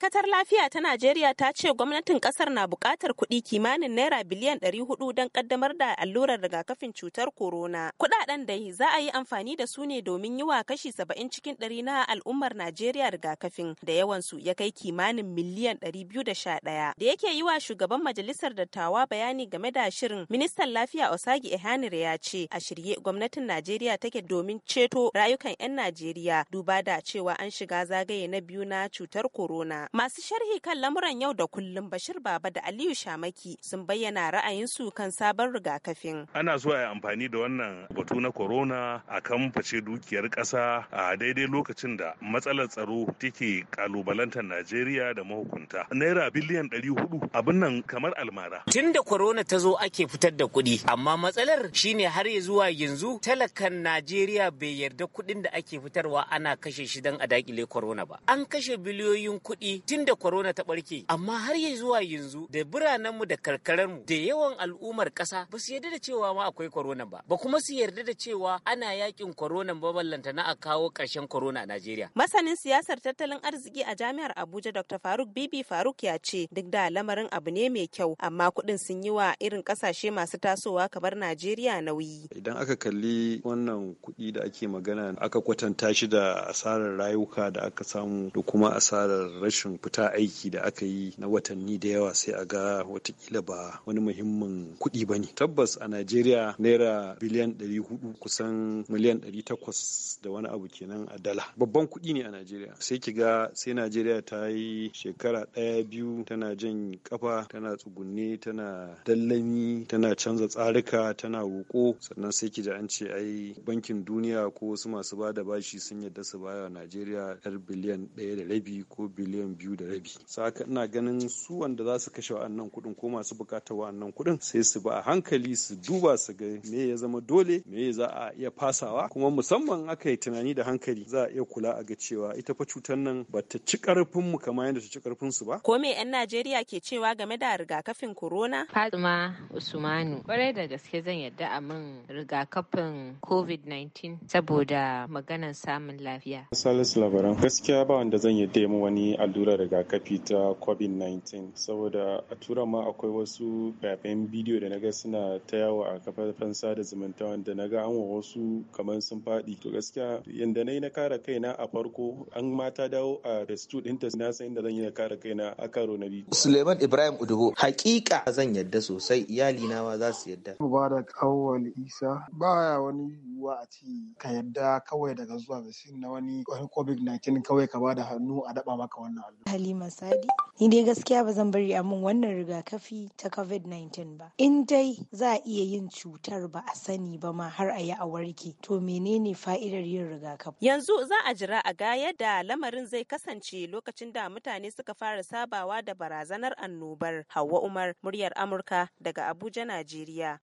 Ma'aikatar Lafiya ta Najeriya ta ce gwamnatin kasar na buƙatar kuɗi kimanin naira biliyan 400 don ƙaddamar da allurar rigakafin cutar korona. Kuɗaɗen da za a yi amfani da su ne domin yi wa kashi 70 cikin ɗari na al'ummar Najeriya rigakafin da yawan su ya kai kimanin miliyan 211. Da yake yi wa shugaban majalisar dattawa bayani game da shirin ministan lafiya Osagi ehanir ya ce a shirye gwamnatin Najeriya take domin ceto rayukan 'yan Najeriya duba da cewa an shiga zagaye na biyu na cutar korona. Masu sharhi kan lamuran yau da kullum Bashir Baba da Aliyu Shamaki sun bayyana ra'ayin su kan sabon rigakafin. Ana so a yi amfani da wannan batu na corona a kan face dukiyar ƙasa a daidai lokacin da matsalar tsaro take kalubalantar Najeriya da mahukunta. Naira biliyan ɗari hudu abin nan kamar almara. Tun da corona ta zo ake fitar da kuɗi amma matsalar shine har ya zuwa yanzu talakan Najeriya bai yarda kuɗin da ake fitarwa ana kashe shi don a dakile corona ba. An kashe biliyoyin kuɗi tun da corona ta barke amma har ya zuwa yanzu da biranenmu da karkararmu da yawan al'ummar ƙasa ba su yarda da cewa ma akwai korona ba ba kuma su yarda da cewa ana yakin korona ba ballanta na a kawo ƙarshen corona a Najeriya. Masanin siyasar tattalin arziki a jami'ar Abuja Dr. Faruk Bibi Faruk ya ce duk da lamarin abu ne mai kyau amma kuɗin sun yi wa irin ƙasashe masu tasowa kamar Najeriya nauyi. Idan aka kalli wannan kuɗi da ake magana aka kwatanta shi da asarar rayuka da aka samu da kuma asarar rashin rashin fita aiki da aka yi na watanni da yawa sai a ga watakila ba wani muhimmin kuɗi ba ne tabbas a najeriya naira biliyan hudu kusan miliyan takwas da wani abu kenan a dala babban kuɗi ne a najeriya sai ki ga sai najeriya ta yi shekara ɗaya biyu tana jan kafa tana tsugunne tana dallami tana canza tsarika tana roƙo sannan sai ki ji an ce ai bankin duniya ko wasu masu ba da bashi sun yadda su baya najeriya yar biliyan ɗaya da rabi ko biliyan miliyan biyu da rabi saka ina ganin su wanda za su kashe wa'annan kuɗin ko masu bukatar wa'annan kuɗin sai su ba a hankali su duba su ga me ya zama dole me za a iya fasawa kuma musamman aka yi tunani da hankali za a iya kula a ga cewa ita fa cutar nan ba ta ci karfin mu kamar yadda ta ci karfin su ba ko me yan Najeriya ke cewa game da rigakafin corona Fatima Usmanu kwarai da gaske zan yadda a min rigakafin COVID-19 saboda maganar samun lafiya Salisu labaran gaskiya ba wanda zan yadda mu wani allu allurar rigakafi ta covid-19 saboda a tura ma akwai wasu fafen bidiyo da naga suna ta yawa a kafafen sada zumunta wanda naga an wa wasu kamar sun faɗi to gaskiya yanda na yi na kare kaina a farko an mata dawo a restu ɗinta na san inda zan yi na kare kaina a karo na biyu suleiman ibrahim udubo hakika zan yadda sosai iyali na ma za su yadda mubarak awwal isa baya wani yiwuwa a ce ka yadda kawai daga zuwa vaccine na wani covid-19 kawai ka bada hannu a daba maka wannan allura. Halima Sadi, ni dai gaskiya ba zan bari a mun wannan rigakafi ta covid-19 ba. In dai za a iya yin cutar ba a sani ba ma har a yi a warke, to menene fa'idar yin rigakafi? Yanzu za a jira a ga yadda lamarin zai kasance lokacin da mutane suka fara sabawa da barazanar annobar. Hauwa Umar, muryar Amurka daga Abuja, Najeriya.